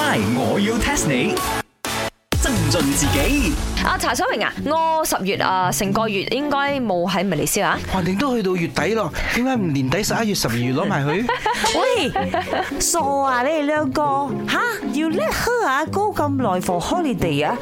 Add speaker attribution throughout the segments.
Speaker 1: 我要 test 你，增進自己。阿查生榮啊，我十月啊，成個月應該冇喺咪嚟先啊？橫掂都去到月底咯，點解唔年底十一月十二月攞埋佢？喂，傻啊！你哋兩個，吓要叻呵啊，go 咁耐 for holiday 啊？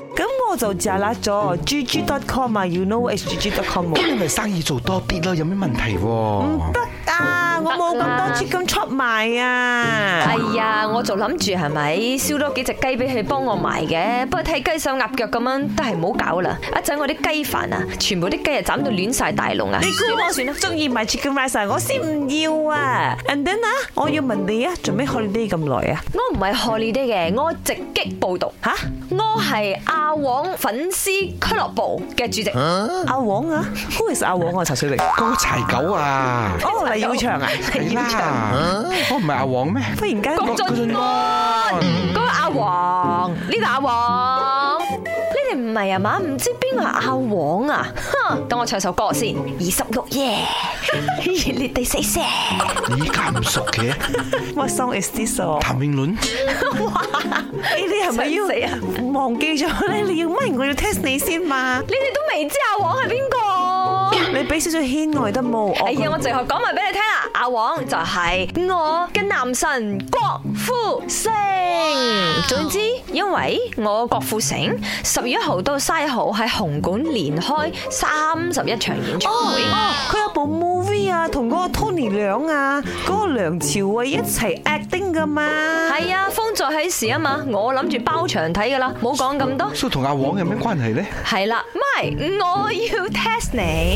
Speaker 1: 就炸甩咗，gg.com 啊，you know it，gg.com。咁你咪生意做多啲咯，有咩問題？唔得啊，我冇咁多 chicken 出賣啊！哎呀，我就諗住係咪燒多幾隻雞俾佢幫我賣嘅，不過睇雞手鴨腳咁樣都係唔好搞啦！一陣我啲雞飯啊，全部啲雞啊斬到亂晒大籠啊！你估我算啦，中意賣 chicken rice 啊？我先唔要啊！And then 啊，我要問你啊，做咩學你哋咁耐啊？我唔係學你哋嘅，我直擊報道吓，我係阿王。粉絲俱樂部嘅主席、啊、阿王啊，who is 阿王啊？陳水玲，嗰個柴狗啊，狗？哦，黎耀祥啊？黎耀祥，唔係耀祥 啊、我唔係阿王咩？忽然間，郭晉安嗰個阿王呢度、呢個、阿王係啊嘛，唔知邊個阿王啊？等、嗯、我唱首歌先、嗯，二十六耶，你哋地 say 聲。依家唔熟嘅。What song is this 哦？譚詠麟。你呢係咪要死啊？忘記咗咧，你要咩？我要 test 你先嘛。你哋都未知阿王係邊個？你俾少少偏愛得冇？哎呀，我直頭講埋俾你聽啦，阿王就係我嘅男神郭富城。Wow. 總之，因為我郭富城十月一號到三一號喺紅館連開三十一場演唱會。佢、oh. oh. 有一部 movie 啊，同嗰個 Tony 梁啊，嗰、那個梁朝偉一齊 acting 噶嘛。係啊，風再起時啊嘛，我諗住包場睇噶啦，冇講咁多。So 同阿王有咩關係咧？係啦，唔係，我要 test 你。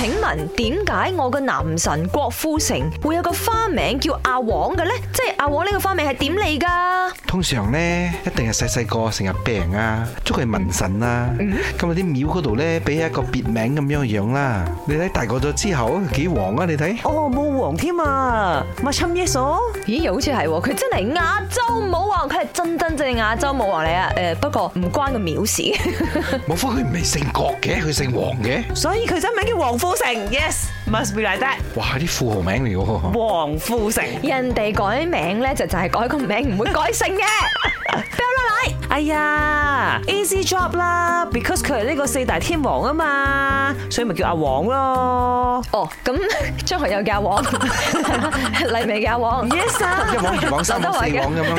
Speaker 1: 請問點解我嘅男神郭富城會有個花名叫阿王嘅咧？即係阿王呢個花名係點嚟噶？通常咧一定係細細個成日病啊，捉佢文神啊，咁啊啲廟嗰度咧俾一個別名咁樣樣啦。你睇大個咗之後幾黃啊？你睇哦冇黃添啊，咪森耶索？咦又好似係，佢真係亞洲舞王，佢係真真正亞洲舞王嚟啊！誒，不過唔關個廟事。冇佢唔係姓郭嘅，佢姓王嘅，所以佢真名叫王峰。富城，yes，must be like that. 哇，啲富豪名嚟王富城，人哋改名咧就就係改個名，唔會改姓嘅， 係啊，easy job 啦，because 佢係呢個四大天王啊嘛，所以咪叫阿王咯。哦，咁張學友叫阿王，黎明、yes, 叫阿王，一王一王三唔四王咁樣，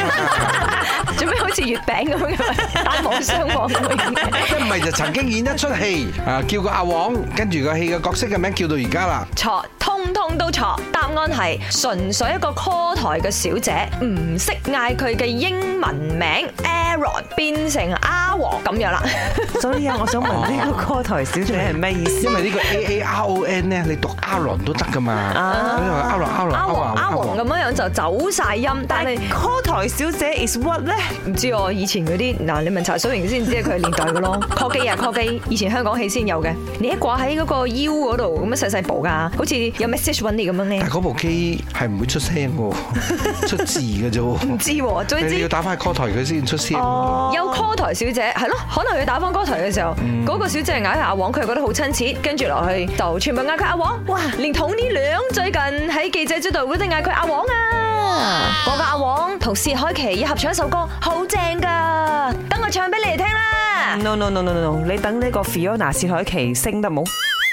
Speaker 1: 做咩好似月餅咁樣，打王雙王咁樣。即唔係就曾經演一出戲，啊，叫個阿王，跟住個戲嘅角色嘅名叫到而家啦。錯。通通都錯，答案係純粹一個 call 台嘅小姐唔識嗌佢嘅英文名 Aaron 變成阿王咁樣啦。所以啊，我想問呢個 call 台小姐係咩意思？因為呢個 A A R O N 咧，你讀阿王都得噶嘛。阿王阿王阿王阿王咁樣樣就走晒音。但係 call 台小姐 is what 咧？唔知哦。以前嗰啲嗱，你問柴水明先知佢係年代嘅咯。call 機啊 call 機，以前香港戲先有嘅。你一掛喺嗰個腰嗰度咁樣細細部噶，好似有。message 咁樣咧，但嗰部機係唔會出聲嘅，出字嘅啫。唔知，總之要打翻 call 台佢先出聲。有 call 台小姐，係咯，可能佢打翻歌台嘅時候，嗰個小姐嗌佢阿王，佢又覺得好親切，跟住落去就全部嗌佢阿王。哇，連統呢兩最近喺記者招待會都嗌佢阿王啊！嗰個阿王同薛凱琪要合唱一首歌，好正㗎，等我唱俾你哋聽啦。No no no no no，你等呢個 Fiona 薛凱琪升得冇？